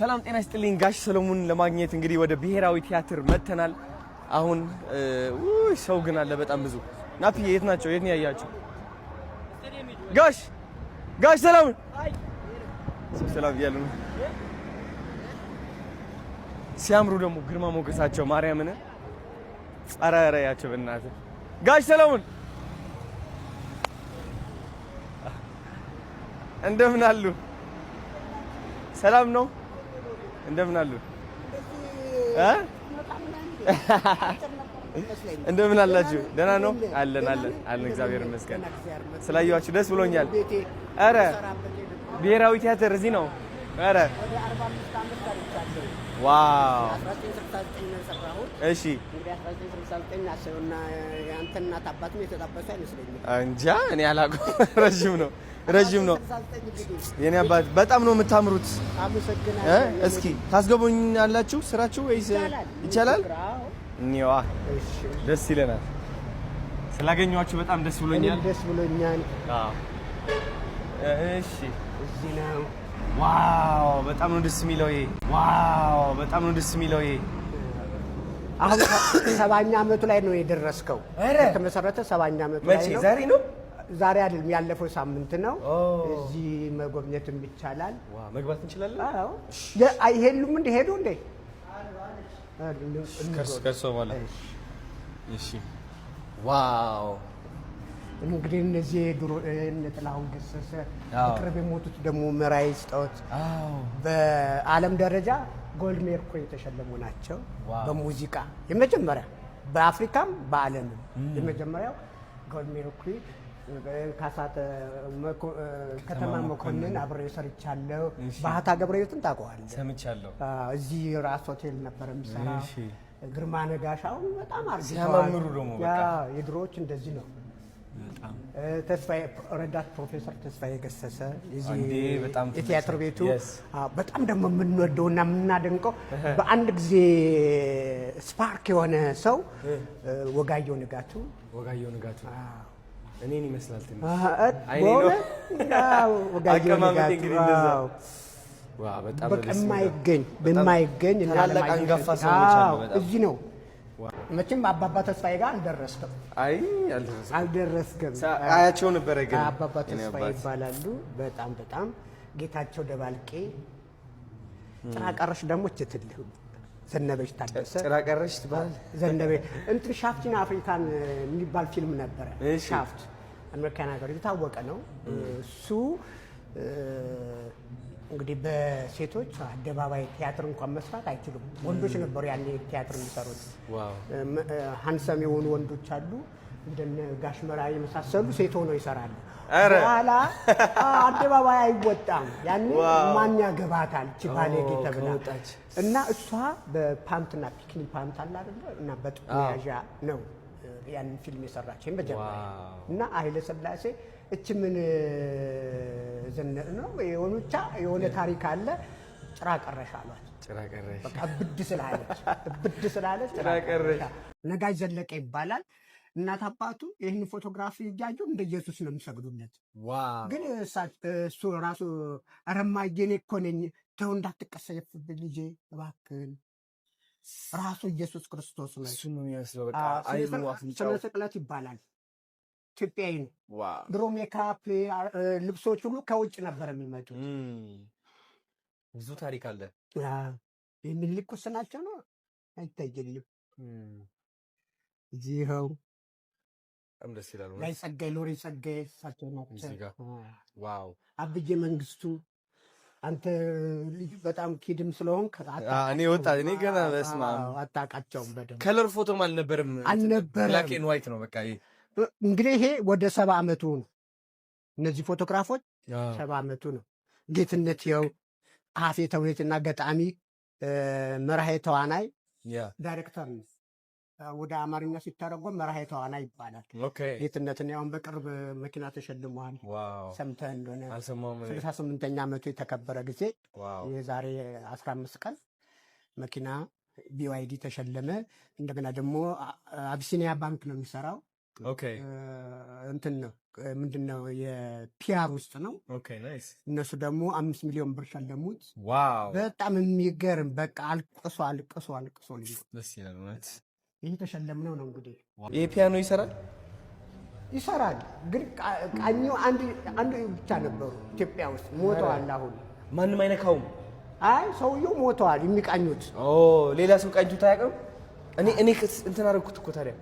ሰላም ጤና ይስጥልኝ። ጋሽ ሰለሞን ለማግኘት እንግዲህ ወደ ብሔራዊ ቲያትር መጥተናል። አሁን ውይ ሰው ግን አለ በጣም ብዙ። ናፕዬ የት ናቸው? የት ነው ያያቸው? ጋሽ ጋሽ ሰላም ሰላም እያሉ ነው ሲያምሩ ደግሞ ግርማ ሞገሳቸው ማርያምን ጸራራያቸው በእናትህ ጋሽ ሰለሞን እንደምን አሉ? ሰላም ነው እንደምን አሉ? እንደምን አላችሁ? ደህና ነው አለን አለን አለን። እግዚአብሔር ይመስገን ስላየኋችሁ ደስ ብሎኛል። አረ ብሔራዊ ቲያትር እዚህ ነው። አረ ዋው እሺ እንጃ እኔ አላውቅም። ረዥም ነው ረዥም ነው። የኔ አባት በጣም ነው የምታምሩት። እስኪ ታስገቡኝ አላችሁ ስራችሁ ወይስ ይቻላል? እኒዋ ደስ ይለናል። ስላገኘኋችሁ በጣም ደስ ብሎኛል። ደስ ብሎኛል። እሺ እዚህ ነው ዋው በጣም ነው ደስ የሚለው ይሄ። ዋው በጣም ነው ደስ የሚለው ይሄ። አሁን ሰባኛ አመቱ ላይ ነው የደረስከው። ከተመሰረተ ሰባኛ አመቱ ላይ ነው። ዛሬ ነው ዛሬ አይደለም ያለፈው ሳምንት ነው። እዚህ መጎብኘትም ይቻላል። መግባት እንችላለን። አይሄሉም እንደ ሄዱ እንዴ ከእርሶ በኋላ እሺ። ዋው እንግዲህ እነዚህ ድሮ ጥላሁን ገሰሰ ቅርብ የሞቱት ደግሞ መራዊ ስጣዖት በዓለም ደረጃ ጎልድ ሜርኩሪ የተሸለሙ ናቸው። በሙዚቃ የመጀመሪያ በአፍሪካም በዓለምም የመጀመሪያው ጎልድ ሜርኩሪ ካሳተ ከተማ መኮንን አብሬ ሰርቻለሁ። ባህታ ገብረሕይወትን ታውቀዋለህ? ሰምቻለሁ። እዚህ ራስ ሆቴል ነበር የሚሰራ ግርማ ነጋሽ አሁን በጣም አርግተዋል። የድሮዎች እንደዚህ ነው። ተስፋዬ ረዳት ፕሮፌሰር ተስፋዬ ገሰሰ የቲያትር ቤቱ በጣም ደግሞ የምንወደውና የምናደንቀው በአንድ ጊዜ ስፓርክ የሆነ ሰው ወጋየሁ ንጋቱ ወጋየሁ ንጋቱ እኔን ይመስላል ትንሽ ወጋየሁ በማይገኝ እዚህ ነው መቼም አባባ ተስፋዬ ጋር አልደረስክም። አይ አልደረስክም። አያቸው ነበረ ግን አባባ ተስፋዬ ይባላሉ። በጣም በጣም ጌታቸው ደባልቄ፣ ጭራቀረሽ ደግሞ ችትል ዘነበች ታደሰ፣ ጭራቀረሽ ትባል ዘነበ እንትን ሻፍቲን አፍሪካን የሚባል ፊልም ነበረ። ሻፍት አሜሪካን ሀገር የታወቀ ነው እሱ እንግዲህ በሴቶች አደባባይ ቲያትር እንኳን መስራት አይችሉም። ወንዶች ነበሩ ያኔ ቲያትር የሚሰሩት። ሀንሰም የሆኑ ወንዶች አሉ እንደነ ጋሽመራ የመሳሰሉ ሴት ሆነው ይሰራሉ። በኋላ አደባባይ አይወጣም። ያኔ ማን ያገባታል ችባሌጌ ተብላ እና እሷ በፓምትና ፒክኒ ፓምት አለ እና በጡት መያዣ ነው ያንን ፊልም የሰራችን መጀመሪያ እና ኃይለ ሥላሴ እች ምን ዘነር ነው የሆኑቻ የሆነ ታሪክ አለ። ጭራ ቀረሽ አሏት። ጭራ ቀረሽ በቃ እብድ ስላለች እብድ ስላለች ጭራ ቀረሽ። ነጋሽ ዘለቀ ይባላል። እናት አባቱ ይህን ፎቶግራፊ እያዩ እንደ ኢየሱስ ነው የሚሰግዱለት። ግን እሱ ራሱ ረማ እማዬ እኮ ነኝ ተው እንዳትቀሰየፍብኝ ልጄ እባክህን ራሱ ኢየሱስ ክርስቶስ ነው። ስለ ስቅለት ይባላል። ኢትዮጵያዊ ነው። ድሮ ሜካፕ ልብሶች ሁሉ ከውጭ ነበር የሚመጡት። ብዙ ታሪክ አለ። የሚልኩስ ናቸው ነው አይታየልም። እዚኸው ላይ ጸጋይ ሎሬ ጸጋይ እሳቸው ናቸው። አብዬ መንግስቱ አንተ ልጅ በጣም ኪድም ስለሆን እኔ ወጣ እኔ ገና በስማ አታውቃቸውም። በደምብ ከለር ፎቶም አልነበርም አልነበረም። ብላክ ኤንድ ዋይት ነው በቃ። እንግዲህ ይሄ ወደ ሰባ ዓመቱ ነው። እነዚህ ፎቶግራፎች ሰባ ዓመቱ ነው። ጌትነት የው ጸሐፌ ተውኔትና ገጣሚ መርሃ ተዋናይ ዳይሬክተር ነው። ወደ አማርኛ ሲተረጎም መርሃይ የተዋና ይባላል። ጌትነትን ያሁን በቅርብ መኪና ተሸልመዋል። ሰምተህ እንደሆነ ስልሳ ስምንተኛ ዓመቱ የተከበረ ጊዜ የዛሬ አስራ አምስት ቀን መኪና ቢዋይዲ ተሸለመ። እንደገና ደግሞ አቢሲኒያ ባንክ ነው የሚሰራው። እንትን ነው ምንድን ነው የፒያር ውስጥ ነው። እነሱ ደግሞ አምስት ሚሊዮን ብር ሸለሙት። በጣም የሚገርም በቃ አልቅሶ አልቅሶ አልቅሶ ልጅ የተሸለምነው ነው እንግዲህ። ይህ ፒያኖ ይሰራል ይሰራል፣ ግን ቃኘው አንዱ ብቻ ነበሩ ኢትዮጵያ ውስጥ ሞተዋል። አሁን ማንም አይነካውም። አይ ሰውየው ሞተዋል የሚቃኙት። ሌላ ሰው ቃኝቶ አያውቅም። እኔ እኔ እንትን አደረግኩት እኮ ታዲያ